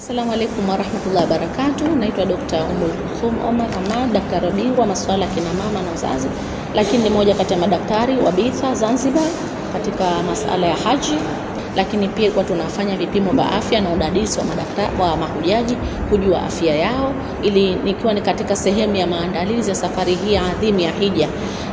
Assalamu alaikum warahmatullahi wabarakatuh. Naitwa Dr. Umul Kulthum Omar Hamad, daktari bingwa masuala ya kina mama na uzazi, lakini ni moja kati ya madaktari wabitha Zanzibar katika masala ya haji lakini pia kwa tunafanya vipimo vya afya na udadisi wa madaktari wa mahujaji kujua afya yao, ili nikiwa ni katika sehemu ya maandalizi ya safari hii adhimu ya hija.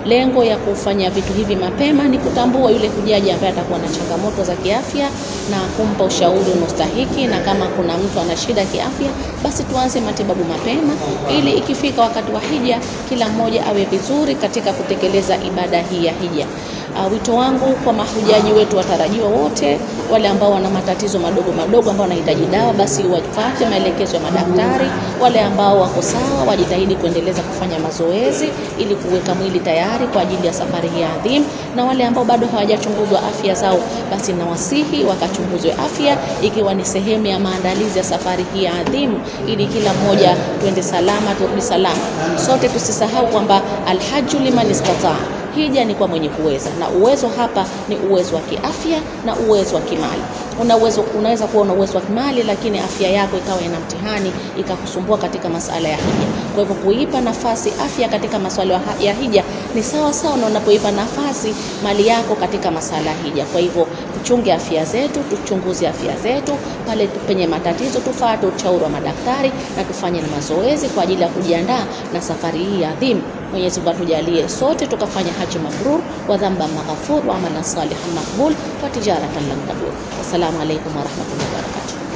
Lengo ya kufanya vitu hivi mapema ni kutambua yule hujaji ambaye atakuwa na changamoto za kiafya na kumpa ushauri unaostahiki, na kama kuna mtu ana shida kiafya, basi tuanze matibabu mapema, ili ikifika wakati wa hija kila mmoja awe vizuri katika kutekeleza ibada hii ya hija. Uh, wito wangu kwa mahujaji wetu watarajiwa wote wale ambao wana matatizo madogo madogo ambao wanahitaji dawa basi wafuate maelekezo ya madaktari. Wale ambao wako sawa wajitahidi kuendeleza kufanya mazoezi ili kuweka mwili tayari kwa ajili ya safari hii adhimu, na wale ambao bado hawajachunguzwa afya zao basi nawasihi wakachunguzwe afya, ikiwa ni sehemu ya maandalizi ya safari hii adhimu, ili kila mmoja tuende salama, turudi salama. Sote tusisahau kwamba alhajju liman istataa Ukija ni kwa mwenye kuweza, na uwezo hapa ni uwezo wa kiafya na uwezo wa kimali una uwezo, unaweza kuwa una uwezo wa kimali, lakini afya yako ikawa ina mtihani ikakusumbua katika masala ya hija. Kwa hivyo kuipa nafasi afya katika masuala ya hija ni sawa sawa na unapoipa nafasi mali yako katika masala ya hija. Kwa hivyo tuchunge afya zetu, tuchunguze afya zetu, pale penye matatizo tufuate ushauri wa madaktari na tufanye na mazoezi kwa ajili ya kujiandaa na safari hii adhimu. Mwenyezi Mungu atujalie sote tukafanya haji mabrur wa dhamba maghfur wa amalan salihan maqbul wa tijaratan lan tabur. असलकम वरह वर्का